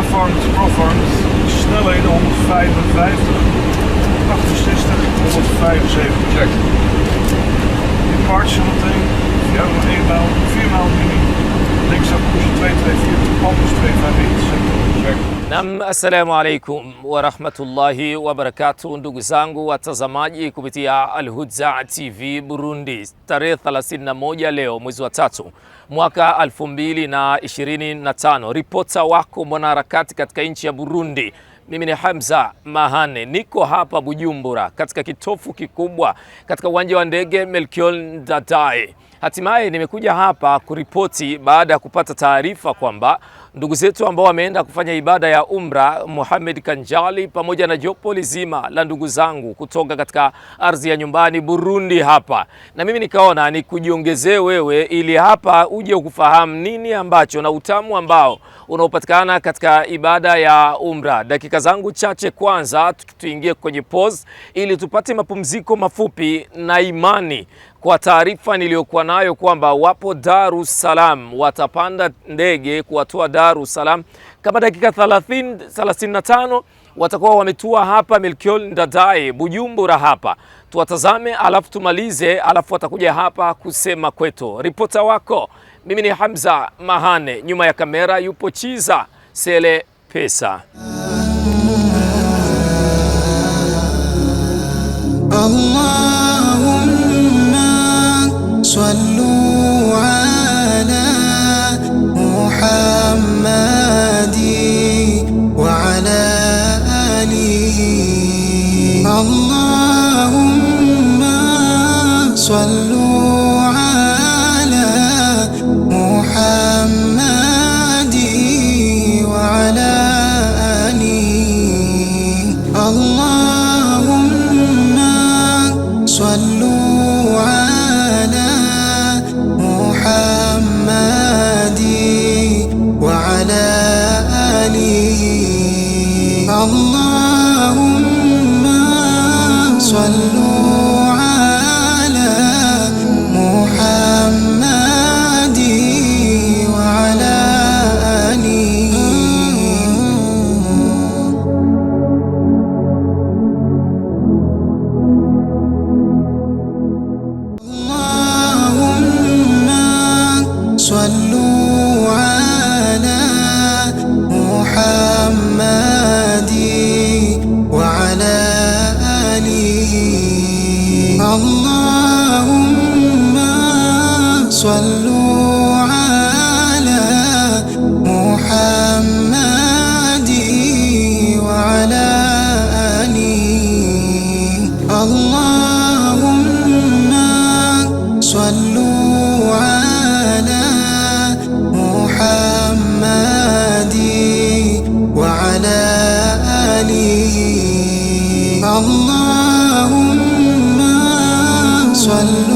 afvangt, afvangt, snelheden 155, 68, 175. Check. Je park zometeen, ja, nog 1 maal, 4 mijl mini. Linksaf pushen 224, pad 251. Nam, assalamu alaikum warahmatullahi wabarakatuh ndugu zangu watazamaji kupitia Alhuda TV Burundi, tarehe 31 leo mwezi wa tatu mwaka 2025. Ripota wako mwanaharakati katika nchi ya Burundi, mimi ni Hamza Mahane, niko hapa Bujumbura katika kitofu kikubwa katika uwanja wa ndege Melchior Ndadaye. Hatimaye nimekuja hapa kuripoti baada ya kupata taarifa kwamba ndugu zetu ambao wameenda kufanya ibada ya umra Muhammad Kanjali pamoja na jopo lizima la ndugu zangu kutoka katika ardhi ya nyumbani Burundi hapa, na mimi nikaona ni kujiongezee wewe, ili hapa uje ukufahamu nini ambacho na utamu ambao unaopatikana katika ibada ya umra. Dakika zangu chache kwanza tuingie kwenye pause, ili tupate mapumziko mafupi na imani kwa taarifa niliyokuwa nayo kwamba wapo Dar es Salaam watapanda ndege kuwatoa Darussalam. Kama dakika 30 35 watakuwa wametua hapa Melchior Ndadaye Bujumbura hapa, tuwatazame alafu tumalize, alafu watakuja hapa kusema kwetu. Ripota wako mimi ni Hamza Mahane, nyuma ya kamera yupo Chiza Sele Pesa. اللهم صلوا اللهم صلوا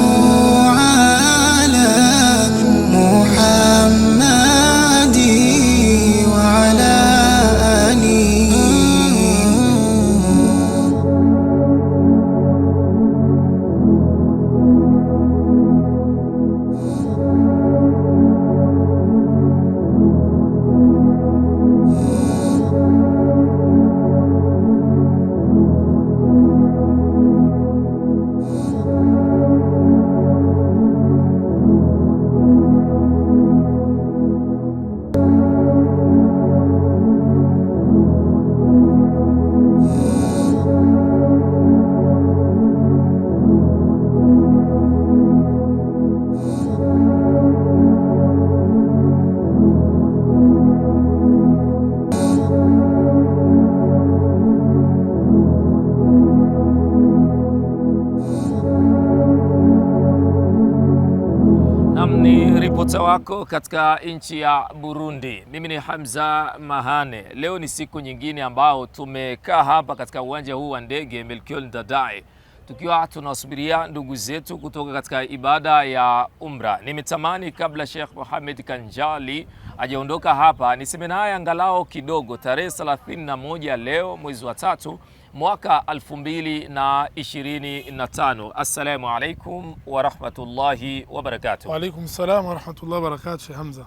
Wako katika nchi ya Burundi. Mimi ni Hamza Mahane. Leo ni siku nyingine ambao tumekaa hapa katika uwanja huu wa ndege Melkiol Ndadaye tukiwa tunasubiria ndugu zetu kutoka katika ibada ya Umra. Nimetamani kabla Sheikh Mohamed Kanjali ajaondoka hapa niseme naye angalau kidogo. Tarehe 31 leo mwezi wa tatu mwaka 2025. Assalamu alaikum warahmatullahi wabarakatuh. alaikum salam barakatuh, wabarakatuh. Hamza,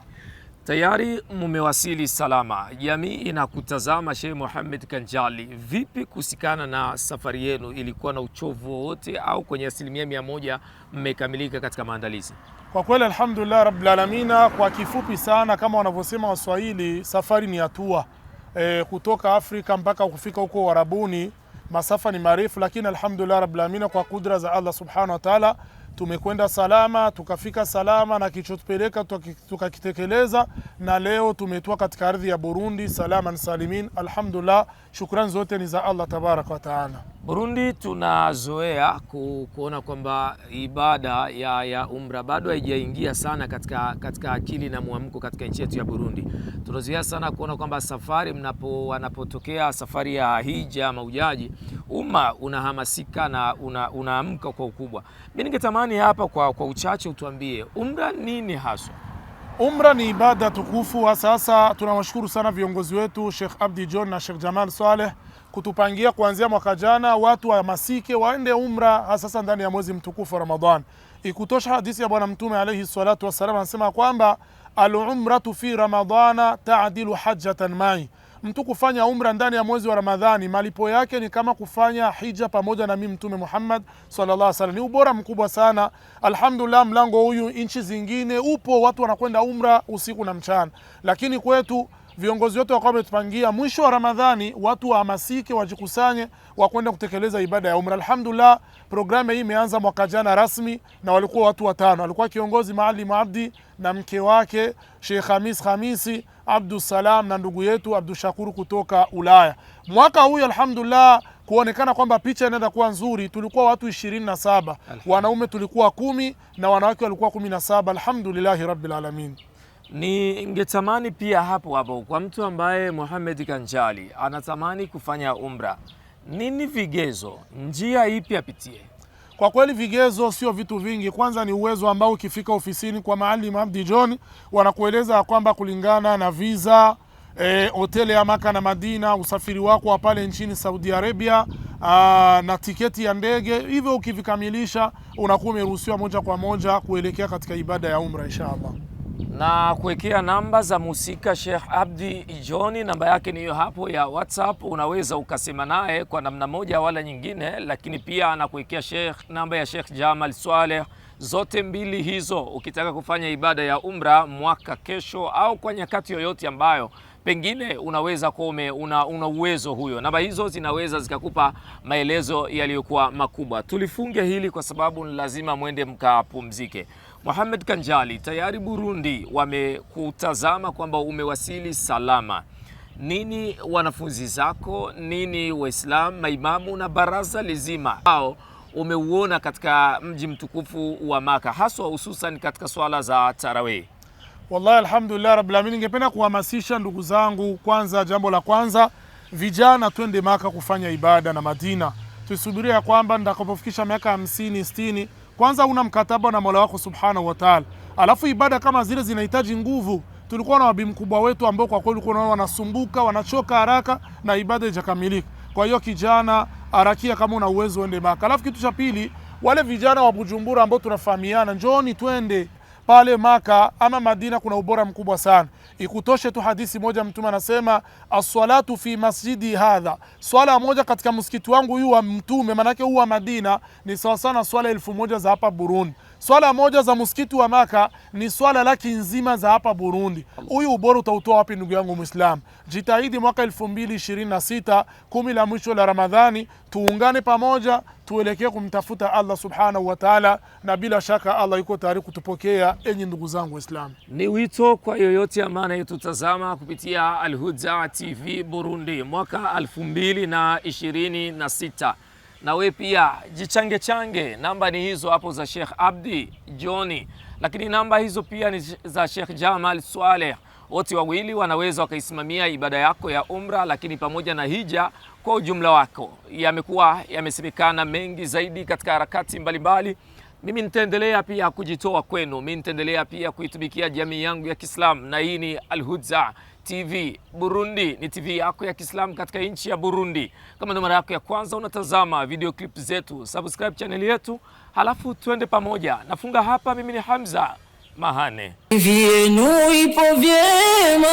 tayari mmewasili salama. Jamii inakutazama Sheikh Mohamed Kanjali, vipi kusikana na safari yenu? Ilikuwa na uchovu wowote au kwenye asilimia mia moja mmekamilika katika maandalizi? Kwa kweli alhamdulillah rabbil alamina. Kwa kifupi sana, kama wanavyosema Waswahili, safari ni hatua e, kutoka Afrika mpaka kufika huko Warabuni masafa ni marefu, lakini alhamdulillah rabbil alamin, kwa kudra za Allah subhanahu wa ta'ala tumekwenda salama tukafika salama, na kilichotupeleka tukakitekeleza, na leo tumetua katika ardhi ya Burundi salaman salimin. Alhamdulillah, shukrani zote ni za Allah tabaraka wa taala. Burundi tunazoea ku, kuona kwamba ibada ya, ya umra bado haijaingia sana katika, katika akili na mwamko katika nchi yetu ya Burundi. Tunazoea sana kuona kwamba safari mnapo wanapotokea safari ya hija maujaji umma unahamasika na una, unaamka kwa ukubwa. Mimi ningetamani hapa kwa, kwa uchache utuambie umra nini haswa? Umra ni ibada tukufu. Sasa tunawashukuru sana viongozi wetu Sheikh Abdi John na Sheikh Jamal Saleh kutupangia kuanzia mwaka jana watu masike waende umra, hasasa ndani ya mwezi mtukufu Ramadhan. Ikutosha hadithi ya Bwana Mtume alayhi salatu wassalam anasema kwamba alumratu fi ramadhana taadilu hajatan mai, mtu kufanya umra ndani ya mwezi wa Ramadhani malipo yake ni kama kufanya hija pamoja na mimi Mtume Muhammad sallallahu alaihi wasallam. Ni ubora mkubwa sana. Alhamdulillah, mlango huyu nchi zingine upo, watu wanakwenda umra usiku na mchana, lakini kwetu viongozi wote wakawa wametupangia mwisho wa Ramadhani watu wahamasike, wajikusanye, wakwenda kutekeleza ibada ya umra. Alhamdulillah, programu hii imeanza mwaka jana rasmi, na walikuwa watu watano. Alikuwa kiongozi Maalim Abdi na mke wake Sheikh Hamis Hamisi Abdusalam na ndugu yetu Abdushakuru kutoka Ulaya. Mwaka huyu alhamdulillah kuonekana kwamba picha inaenda kuwa nzuri. Tulikuwa watu ishirini na saba, wanaume tulikuwa kumi na wanawake walikuwa kumi na saba. Alhamdulillahi rabbil alamin. Ningetamani pia hapo hapo kwa mtu ambaye Mohamed Kanjali anatamani kufanya umra, nini vigezo, njia ipi apitie? Kwa kweli vigezo sio vitu vingi. Kwanza ni uwezo ambao ukifika ofisini kwa Maalim Abdi John wanakueleza kwamba kulingana na visa eh, hoteli ya Maka na Madina, usafiri wako wa pale nchini Saudi Arabia aa, ah, na tiketi ya ndege. Hivyo ukivikamilisha unakuwa umeruhusiwa moja kwa moja kuelekea katika ibada ya umra inshallah na kuwekea namba za musika Sheikh Abdi John. Namba yake ni hiyo hapo ya WhatsApp, unaweza ukasema naye kwa namna moja wala nyingine, lakini pia anakuwekea Sheikh namba ya Sheikh Jamal Swaleh. Zote mbili hizo ukitaka kufanya ibada ya umra mwaka kesho au kwa nyakati yoyote ambayo pengine unaweza kuwa una, una uwezo huyo. Namba hizo zinaweza zikakupa maelezo yaliyokuwa makubwa. Tulifunge hili kwa sababu ni lazima mwende mkapumzike. Mohamed Kanjali, tayari Burundi wamekutazama kwamba umewasili salama. Nini wanafunzi zako, nini Waislamu, maimamu na baraza lizima hao umeuona katika mji mtukufu wa Maka, haswa hususan katika swala za tarawih? Wallahi, alhamdulillah rabbil alamin. Ningependa kuhamasisha ndugu zangu, kwanza, jambo la kwanza, vijana twende Maka kufanya ibada na Madina. Tusubiria kwamba nitakapofikisha miaka hamsini sitini, kwanza una mkataba na Mola wako subhanahu wa taala, alafu ibada kama zile zinahitaji nguvu. Tulikuwa na wabi mkubwa wetu ambao kwa kweli kuna wanasumbuka, wanachoka haraka na ibada haijakamilika. Kwa hiyo kijana, arakia kama una uwezo uende Maka. Alafu kitu cha pili, wale vijana wa Bujumbura ambao tunafahamiana, njooni twende pale Maka ama Madina kuna ubora mkubwa sana. Ikutoshe tu hadithi moja, Mtume anasema assalatu fi masjidi hadha, swala moja katika msikiti wangu huyu wa Mtume, manake huwa Madina ni sawa sana swala elfu moja za hapa Burundi. Swala moja za msikiti wa Maka ni swala laki nzima za hapa Burundi. Huyu ubora utautoa wapi, ndugu yangu Muislam? Jitahidi mwaka 2026 kumi la mwisho la Ramadhani tuungane pamoja tuelekee kumtafuta Allah subhanahu wa taala, na bila shaka Allah yuko tayari kutupokea. Enyi ndugu zangu Waislamu, ni wito kwa yoyote ambaye anayetutazama kupitia Alhuda TV Burundi mwaka 2026 na na na we pia jichange change. Namba ni hizo hapo za Sheikh Abdi Joni, lakini namba hizo pia ni za Sheikh Jamal Swaleh wote wawili wanaweza wakaisimamia ibada yako ya umra, lakini pamoja na hija kwa ujumla wako. Yamekuwa yamesemekana mengi zaidi katika harakati mbalimbali. Mimi nitaendelea pia kujitoa kwenu, mimi nitaendelea pia kuitumikia jamii yangu ya Kiislamu, na hii ni Alhuda TV Burundi, ni TV yako ya Kiislamu katika nchi ya Burundi. Kama ndo mara yako ya kwanza unatazama video clip zetu, subscribe channel yetu, halafu tuende pamoja. Nafunga hapa, mimi ni Hamza Mahane, vyenu ipo vyema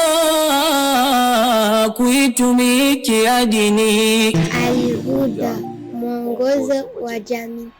kuitumikia dini. Alhuda, mwongozo wa jamii.